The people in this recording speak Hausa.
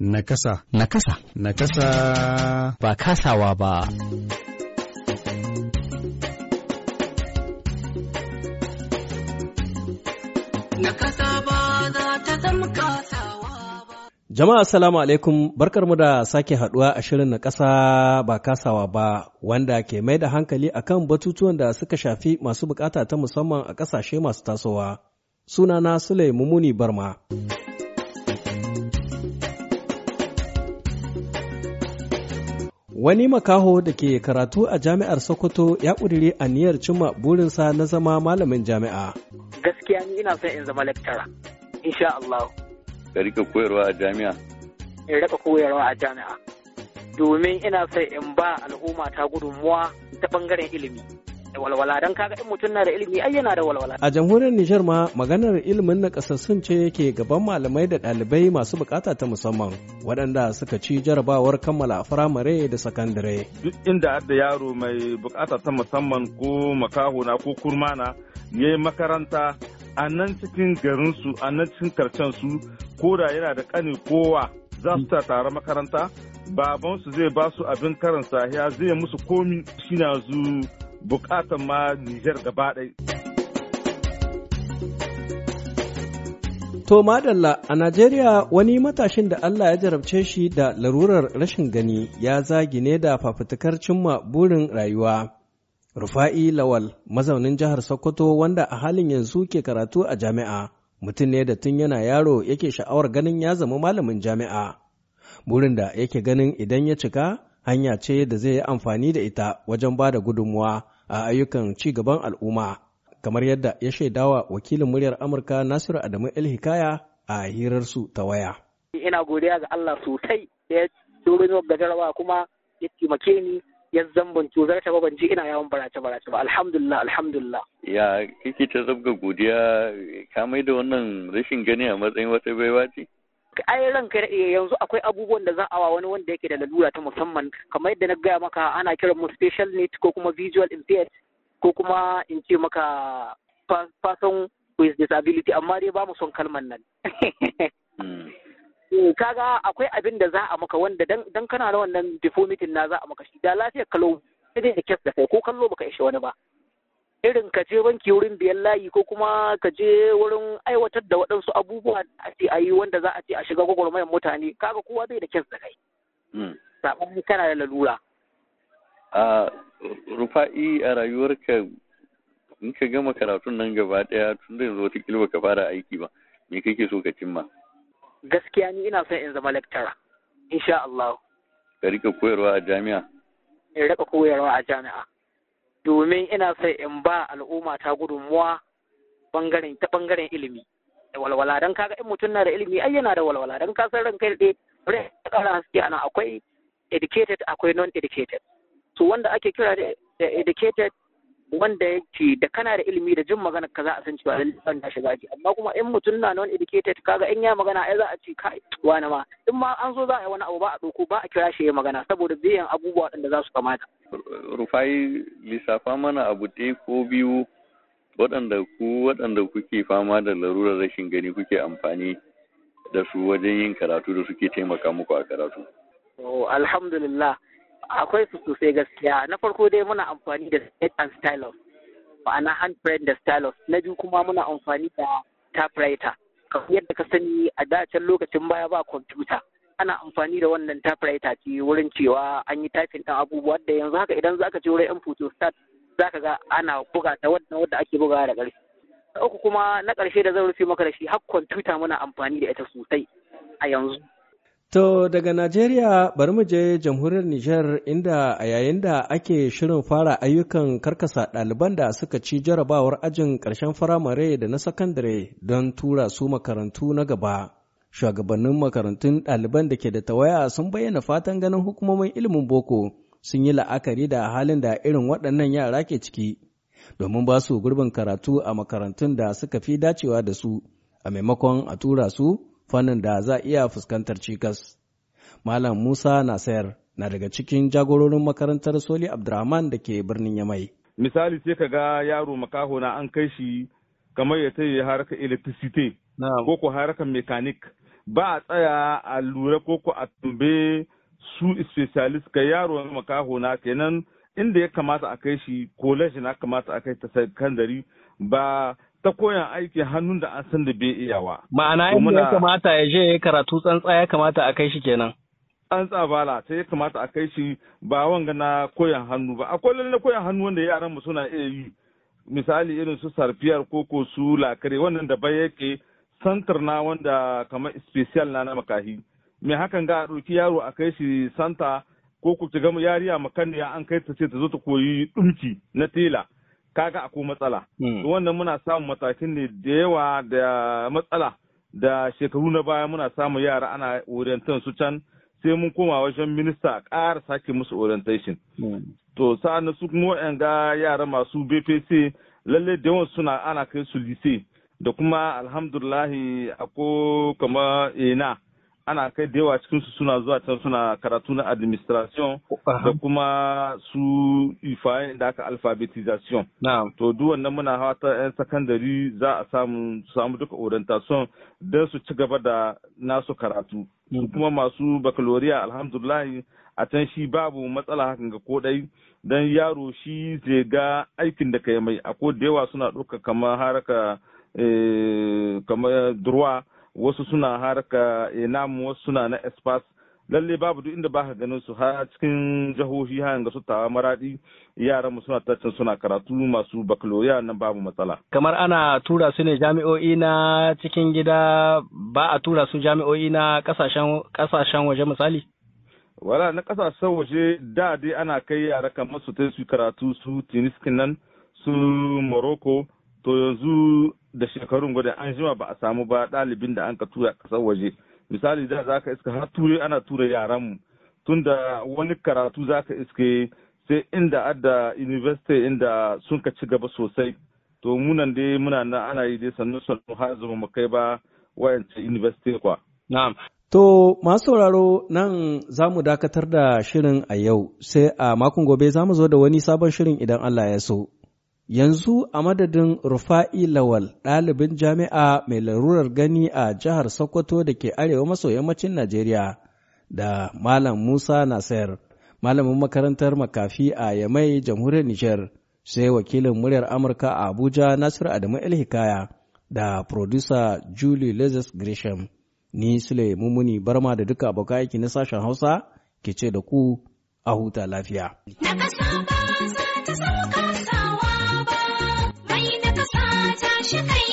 Nakasa. Nakasa. Nakasa. Ba kasawa ba. Nakasa ba za ta zama kasawa ba. Jama'a salamu alaikum barkar mu da sake haduwa a shirin na ƙasa ba kasawa ba wanda ke mai da hankali akan batutuwan da suka shafi masu bukata ta musamman a ƙasashe masu tasowa. Sunana Sule Mumuni Barma. Wani makaho da ke karatu a jami'ar Sokoto ya ƙudiri niyyar cimma burinsa na zama malamin jami'a. Gaskiya ni ina son in zama lecturer, insha Allah. Ka rika koyarwa a jami'a? In rika koyarwa a jami'a. Domin ina son in ba al'umma ta gudunmuwa ta ɓangaren ilimi. da walwala don kaga in mutum na da ilimi ai yana da walwala. A jamhuriyar Nijar ma maganar ilimin na sun ce ke gaban malamai da ɗalibai masu bukata ta musamman waɗanda suka ci jarabawar kammala firamare da sakandare. Duk inda da yaro mai bukata ta musamman ko na ko kurmana ya yi makaranta a nan cikin garinsu a nan cikin karcensu ko da yana da ƙani kowa za su tare makaranta babansu zai ba su abin karin sahiya zai musu komi shi na zu bukatan ma Nijar gaba ɗaya. To madalla a Najeriya wani matashin da Allah ya jarabce shi da larurar rashin gani ya zagi ne da fafutukar cimma burin rayuwa. Rufa'i Lawal mazaunin jihar Sokoto wanda a halin yanzu ke karatu a jami'a mutum ne da tun yana yaro yake sha'awar ganin ya zama malamin jami'a. Burin da yake ganin idan ya cika hanya ce da zai yi amfani da ita wajen ba da gudunmuwa a ayyukan ci gaban al'umma kamar yadda ya shaidawa wakilin muryar amurka nasiru adamu el hikaya a hirarsu ta waya ina godiya ga allah sosai da ya ni ga jarabawa kuma ya taimake ni ya zamban zar ta ba ina yawan barace barace ba alhamdulillah alhamdulillah ya kike ta zabga godiya ka mai da wannan rashin gani a matsayin wata baiwa ce ai ranka daɗe yanzu akwai abubuwan da za a wa wani wanda yake da lalura ta musamman kamar yadda na gaya maka ana kiran mu special need ko kuma visual impaired ko kuma in ce maka person with disability amma dai ba mu son kalman nan hmm. eh, kaga akwai abin da za a maka wanda dan kana da wannan deformity na za a maka shi da lafiyar kalau sai dai da kes da kai ko kallo baka ishe wani ba irin ka je banki wurin biyan layi ko kuma ka je wurin aiwatar da waɗansu abubuwa da ake a yi wanda za a ce a shiga gwagwarmayar mutane kaga kowa zai da kyan da kai hmm. sabon kana da lalura a rufa'i a rayuwarka in ka gama karatun nan gaba ɗaya tun da yanzu wata ba ka fara aiki ba me kake so ka cimma gaskiya ni ina son in zama lektara insha Allah ka rika koyarwa a jami'a in rika koyarwa a jami'a domin ina so in ba al'umma ta gudunmuwa bangaren ta bangaren ilimi da walwala dan kaga in mutum na da ilimi ai yana da walwala dan ka san ran kai da rai kara haske ana akwai educated akwai non educated to wanda ake kira da educated wanda yake da kana da ilimi da jin magana ka za a san cewa lallai ta shiga aji amma kuma in mutum na non educated kaga in ya magana ai za a ce kai wani ma in ma an zo za a yi wani abu ba a ɗauko ba a kira shi ya magana saboda zai yin abubuwa waɗanda za su kamata. Rufai lissafa mana abu ɗaya ko biyu waɗanda ku waɗanda kuke fama da larurar rashin gani kuke amfani da su wajen yin karatu da suke taimaka muku a karatu. Alhamdulillah. akwai su sosai gaskiya na farko dai muna amfani da state and stylus ma'ana hand print da stylus na biyu kuma muna amfani da typewriter kamar yadda ka sani a dacen lokacin baya ba kwamfuta ana amfani da wannan typewriter ce wurin cewa an yi typing ɗin abubuwa da yanzu haka idan zaka je wurin yan photostat zaka ga ana buga ta wannan wadda ake bugawa da ƙarfi uku kuma na ƙarshe da zan rufe maka da shi har kwamfuta muna amfani da ita sosai a yanzu To daga Najeriya bari mu je jamhuriyar Nijar inda a yayin da ake shirin fara ayyukan karkasa ɗaliban da suka ci jarabawar ajin ƙarshen firamare da na sakandare don tura su makarantu na gaba. Shugabannin makarantun ɗaliban da ke da tawaya sun bayyana fatan ganin hukumomin ilimin boko sun yi la'akari da halin da irin waɗannan yara ke ciki domin ba su gurbin karatu a makarantun da suka fi dacewa da su a maimakon a tura su fannin da za iya fuskantar cikas. Malam Musa na sayar na daga cikin jagororin makarantar Soli Abdurrahman da ke birnin Yamai. Misali sai ka ga yaro makaho na an kai shi kamar ya tayi harkar electricity ko ko harkar mechanic ba a tsaya a lura ko ku a tumbe su specialist ka yaro makaho na kenan inda ya kamata a kai shi college na kamata a kai ta sakandare ba ta koyan aiki hannun da an san da bai iyawa. Ma'ana inda ya kamata ya je ya karatu tsantsa ya kamata a kai shi kenan. An tsabala sai ya kamata a kai shi ba wanga na koyan hannu ba. Akwai lalle koyan hannu wanda yaran mu suna iya yi. Misali irin su sarfiyar koko su lakare wannan da bai yake santar na wanda kamar special na na makahi. Me hakan ga a ɗauki yaro a kai shi santa ko ku ci gama yariya makanniya an kai ta ce ta zo ta koyi ɗumki na tela. kaga akwai matsala hmm. wannan muna samun matakin ne da yawa da matsala da shekaru na baya muna samun yara ana orientan su can sai mun koma wajen minista a ƙara sake musu orientation hmm. to sa'an su kuma ga yara masu bpc lalle da yawan suna ana kai su lise da kuma alhamdulahi ako kama ina ana kai da yawa cikinsu suna zuwa can suna karatu na administration da kuma su ifayen da aka alphabetization. To duk wannan muna hawa ta 'yan sakandari za a samu samu duka orientation don su ci gaba da nasu karatu. Mm-hmm. Kuma masu baccalaureate alhamdulillah a can shi babu matsala hakan ga kodai don yaro shi zai ga aikin da kai mai a da yawa suna ɗauka kamar haraka eh, kamar durwa wasu suna harka enam eh, wasu suna na espas lalle babu duk inda baka ganin su har cikin jihohi hayan ga su tawa maradi yaran mu suna tattacin suna karatu masu bakaloriya nan babu matsala kamar ana tura su ne jami'o'i na cikin gida ba a tura su jami'o'i na kasashen kasashen waje misali wala na kasashen waje da dai ana kai yara kamar su ta su karatu su tuniskin nan su morocco to yanzu da shekarun gwada an jima ba a samu ba ɗalibin da an ka tura ƙasar waje misali da za ka iska har turai ana tura yaranmu tunda wani karatu za ka iske sai inda adda university inda sun ka ci gaba sosai to munan dai muna na ana yi dai sannu sannu har zama mu kai ba wayance university kwa na'am To masu sauraro nan za mu dakatar da shirin a yau sai a makon gobe za mu zo da wani sabon shirin idan Allah ya so. Yanzu a madadin Rufa'i Lawal, ɗalibin jami'a mai larurar gani a jihar Sokoto da ke arewa maso yammacin Najeriya, da Malam Musa Nasir, malamin makarantar makafi a Yamai, jamhuriyar Nijar, sai wakilin muryar Amurka a Abuja Nasiru Adamu Hikaya da producer Julie Lazarus Grisham. Ni Sule Mumuni Barma da duka abokan aiki na sashen Hausa ke ce da ku a huta lafiya. Na ta She